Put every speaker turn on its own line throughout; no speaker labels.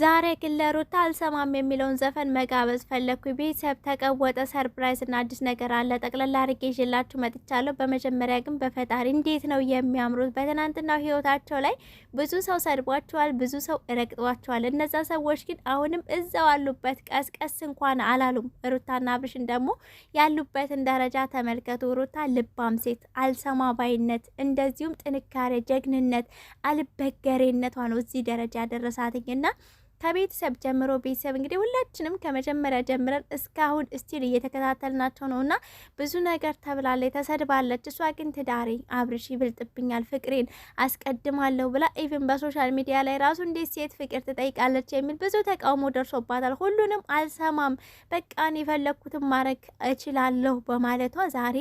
ዛሬ ግን ለሩታ አልሰማም የሚለውን ዘፈን መጋበዝ ፈለግኩ። ቤተሰብ ተቀወጠ። ሰርፕራይዝ እና አዲስ ነገር አለ። ጠቅላላ አርጌ ይዤላችሁ መጥቻለሁ። በመጀመሪያ ግን በፈጣሪ እንዴት ነው የሚያምሩት! በትናንትናው ህይወታቸው ላይ ብዙ ሰው ሰድቧቸዋል፣ ብዙ ሰው እረግጧቸዋል። እነዛ ሰዎች ግን አሁንም እዛው አሉበት፣ ቀስቀስ እንኳን አላሉም። ሩታና አብርሽን ደግሞ ያሉበትን ደረጃ ተመልከቱ። ሩታ ልባም ሴት፣ አልሰማ ባይነት፣ እንደዚሁም ጥንካሬ፣ ጀግንነት፣ አልበገሬነቷ ነው እዚህ ደረጃ ያደረሳትኝ ከቤተሰብ ጀምሮ ቤተሰብ እንግዲህ ሁላችንም ከመጀመሪያ ጀምረን እስካሁን እስቲል እየተከታተልናቸው ነው እና ብዙ ነገር ተብላለች፣ ተሰድባለች። እሷ ግን ትዳሬኝ አብርሽ ይብልጥብኛል ፍቅሬን አስቀድማለሁ ብላ ኢቭን በሶሻል ሚዲያ ላይ ራሱ እንዴት ሴት ፍቅር ትጠይቃለች የሚል ብዙ ተቃውሞ ደርሶባታል። ሁሉንም አልሰማም፣ በቃን እኔ የፈለግኩትን ማድረግ እችላለሁ በማለቷ ዛሬ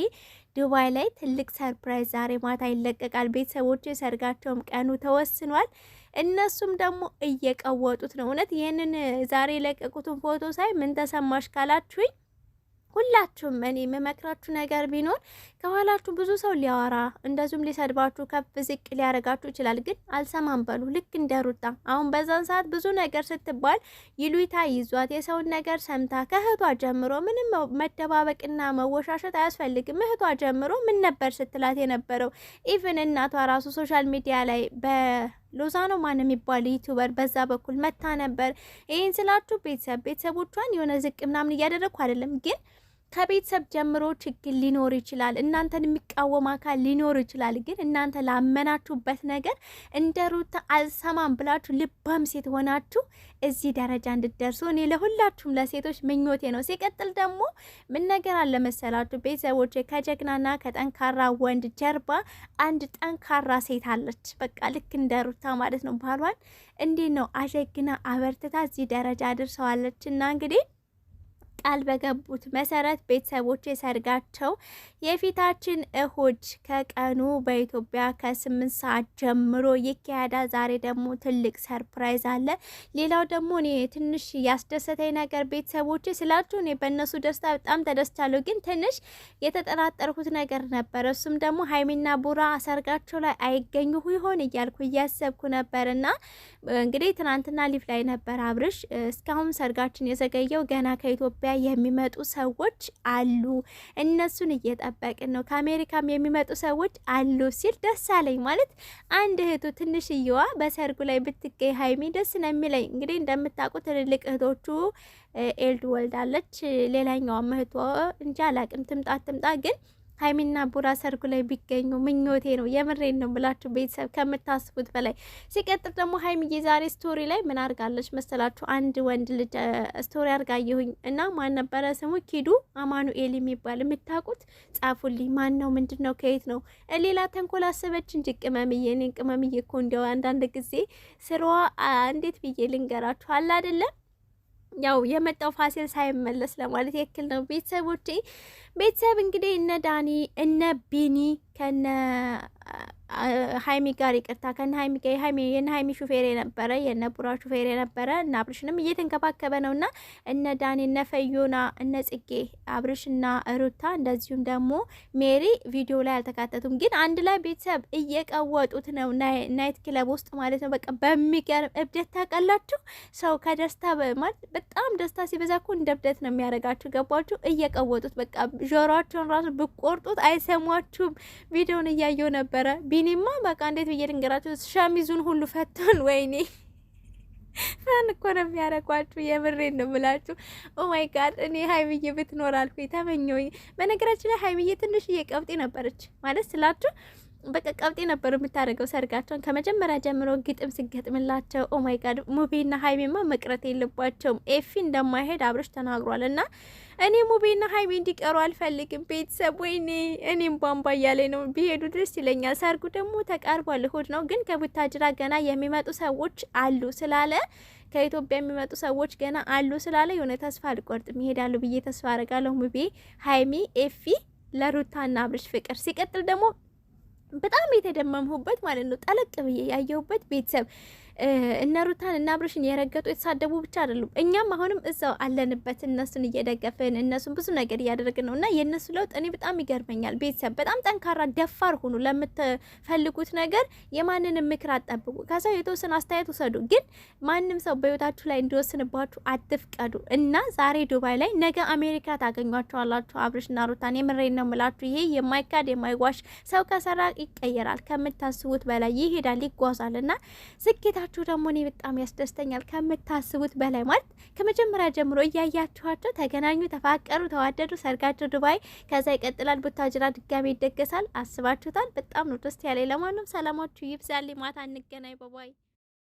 ዱባይ ላይ ትልቅ ሰርፕራይዝ ዛሬ ማታ ይለቀቃል። ቤተሰቦች የሰርጋቸውም ቀኑ ተወስኗል። እነሱም ደግሞ እየቀወጡት ነው። እውነት ይህንን ዛሬ የለቀቁትን ፎቶ ሳይ ምን ተሰማሽ ካላችሁኝ ሁላችሁም እኔ የምመክራችሁ ነገር ቢኖር ከኋላችሁ ብዙ ሰው ሊያወራ እንደዚሁም ሊሰድባችሁ ከፍ ዝቅ ሊያደርጋችሁ ይችላል። ግን አልሰማም በሉ። ልክ እንደ ሩታ አሁን በዛን ሰዓት ብዙ ነገር ስትባል ይሉይታ ይዟት የሰውን ነገር ሰምታ ከእህቷ ጀምሮ ምንም መደባበቅና መወሻሸት አያስፈልግም። እህቷ ጀምሮ ምን ነበር ስትላት የነበረው ኢቭን እናቷ ራሱ ሶሻል ሚዲያ ላይ በ ሎዛኖ ማን የሚባል ዩቲዩበር በዛ በኩል መታ ነበር። ይህን ስላችሁ ቤተሰብ ቤተሰቦቿን የሆነ ዝቅ ምናምን እያደረግኩ አይደለም ግን ከቤተሰብ ጀምሮ ችግር ሊኖር ይችላል። እናንተን የሚቃወም አካል ሊኖር ይችላል። ግን እናንተ ላመናችሁበት ነገር እንደ ሩት አልሰማም ብላችሁ ልባም ሴት ሆናችሁ እዚህ ደረጃ እንድደርሱ እኔ ለሁላችሁም ለሴቶች ምኞቴ ነው። ሲቀጥል ደግሞ ምን ነገር አለመሰላችሁ ቤተሰቦች፣ ከጀግናና ከጠንካራ ወንድ ጀርባ አንድ ጠንካራ ሴት አለች። በቃ ልክ እንደ ሩታ ማለት ነው። ባሏን እንዴት ነው አጀግና አበርትታ እዚህ ደረጃ አድርሰዋለች እና እንግዲህ ቃል በገቡት መሰረት ቤተሰቦች ሰርጋቸው የፊታችን እሁድ ከቀኑ በኢትዮጵያ ከስምንት ሰዓት ጀምሮ ይካሄዳል። ዛሬ ደግሞ ትልቅ ሰርፕራይዝ አለ። ሌላው ደግሞ እኔ ትንሽ ያስደሰተኝ ነገር ቤተሰቦች ስላችሁ እኔ በእነሱ ደስታ በጣም ተደስቻለሁ፣ ግን ትንሽ የተጠራጠርኩት ነገር ነበር እሱም ደግሞ ሀይሚና ቡራ ሰርጋቸው ላይ አይገኙ ይሆን እያልኩ እያሰብኩ ነበር። እና እንግዲህ ትናንትና ሊፍ ላይ ነበር አብርሽ፣ እስካሁን ሰርጋችን የዘገየው ገና ከኢትዮጵያ የሚመጡ ሰዎች አሉ፣ እነሱን እየጠበቅን ነው፣ ከአሜሪካም የሚመጡ ሰዎች አሉ ሲል ደስ አለኝ። ማለት አንድ እህቱ ትንሽየዋ በሰርጉ ላይ ብትገኝ ሀይሚ ደስ ነው የሚለኝ። እንግዲህ እንደምታውቁ ትልልቅ እህቶቹ ኤልድ ወልዳለች፣ ሌላኛዋ እህቷ እንጂ አላቅም፣ ትምጣ ትምጣ ግን ሀይሚና ቡራ ሰርጉ ላይ ቢገኙ ምኞቴ ነው። የምሬን ነው ብላችሁ ቤተሰብ ከምታስቡት በላይ ሲቀጥል ደግሞ ሀይሚዬ ዛሬ ስቶሪ ላይ ምን አርጋለች መሰላችሁ? አንድ ወንድ ልጅ ስቶሪ አርጋየሁኝ እና ማን ነበረ ስሙ? ኪዱ አማኑኤል የሚባል የምታውቁት ጻፉልኝ። ማን ነው? ምንድን ነው? ከየት ነው? ሌላ ተንኮል አሰበች እንጂ ቅመምዬ፣ እኔን ቅመምዬ እኮ እንዲያው አንዳንድ ጊዜ ስራዋ እንዴት ብዬ ልንገራችሁ አለ አይደለም ያው የመጣው ፋሲል ሳይመለስ ለማለት ያክል ነው። ቤተሰቦቼ ቤተሰብ እንግዲህ እነ ዳኒ እነ ቢኒ ከነ ሀይሚ ጋር ይቅርታ ከነ ሀይሚ ጋር ሀይሚ የነ ሀይሚ ሹፌር የነበረ የነ ቡራ ሹፌር የነበረ እና አብርሽንም እየተንከባከበ ነው እና እነ ዳኒ እነ ፈዮና እነ ጽጌ አብርሽና ሩታ እንደዚሁም ደግሞ ሜሪ ቪዲዮ ላይ አልተካተቱም፣ ግን አንድ ላይ ቤተሰብ እየቀወጡት ነው። ናይት ክለብ ውስጥ ማለት ነው። በቃ በሚገርም እብደት ታውቃላችሁ። ሰው ከደስታ በማለት በጣም ደስታ ሲበዛ እኮ እንደ እብደት ነው የሚያደርጋችሁ። ገባችሁ? እየቀወጡት በቃ ጆሮአቸውን ራሱ ብቆርጡት አይሰሟችሁም። ቪዲዮን እያየው ነበረ ቢኒማ በቃ እንዴት ብዬ ልንገራችሁ፣ ሸሚዙን ሁሉ ፈታን። ወይኔ ፋን እኮ ነው የሚያረጓችሁ። የምሬን ነው የምላችሁ። ኦ ማይ ጋድ እኔ ሀይሚዬ ብትኖር አልኩ ተመኘሁኝ። በነገራችን ላይ ሀይሚዬ ትንሽ እየቀብጤ ነበረች ማለት ስላችሁ በቃ ቀብጤ ነበር የምታደርገው ሰርጋቸውን ከመጀመሪያ ጀምሮ ግጥም ሲገጥምላቸው። ማይ ጋድ ሙቤና ሀይቤማ መቅረት የለባቸውም። ኤፊ እንደማይሄድ አብረሽ ተናግሯል። እና እኔ ሙቤና ሀይቤ እንዲቀሩ አልፈልግም። ቤተሰብ ወይኔ እኔም ቧንቧ እያለ ነው። ቢሄዱ ደስ ይለኛል። ሰርጉ ደግሞ ተቃርቧል፣ እሁድ ነው። ግን ከቡታጅራ ገና የሚመጡ ሰዎች አሉ ስላለ ከኢትዮጵያ የሚመጡ ሰዎች ገና አሉ ስላለ የሆነ ተስፋ አልቆርጥም። ይሄዳሉ ብዬ ተስፋ አረጋለሁ። ሙቤ ኤፊ ለሩታና አብርሽ ፍቅር ሲቀጥል ደግሞ በጣም የተደመምሁበት ማለት ነው። ጠለቅ ብዬ ያየሁበት ቤተሰብ እነ ሩታን እና አብርሽን የረገጡ የተሳደቡ ብቻ አይደሉም። እኛም አሁንም እዛው አለንበት፣ እነሱን እየደገፍን እነሱን ብዙ ነገር እያደረግን ነው እና የእነሱ ለውጥ እኔ በጣም ይገርመኛል። ቤተሰብ በጣም ጠንካራ ደፋር ሁኑ። ለምትፈልጉት ነገር የማንንም ምክር አጠብቁ። ከሰው የተወሰነ አስተያየት ውሰዱ፣ ግን ማንም ሰው በህይወታችሁ ላይ እንዲወስንባችሁ አትፍቀዱ እና ዛሬ ዱባይ ላይ ነገ አሜሪካ ታገኟቸዋላችሁ እና ሩታን። የምሬን ነው ምላችሁ። ይሄ የማይካድ የማይዋሽ ሰው ከሰራ ይቀየራል፣ ከምታስቡት በላይ ይሄዳል፣ ይጓዛል እና ስኬታ ስራችሁ ደግሞ እኔ በጣም ያስደስተኛል ከምታስቡት በላይ ማለት ከመጀመሪያ ጀምሮ እያያችኋቸው ተገናኙ፣ ተፋቀሩ፣ ተዋደዱ፣ ሰርጋቸው ዱባይ፣ ከዛ ይቀጥላል ቡታጅራ ድጋሚ ይደገሳል። አስባችሁታል። በጣም ነው ደስ ያለኝ። ለማንም ሰላማችሁ ይብዛል ማታ እንገናኝ። በባይ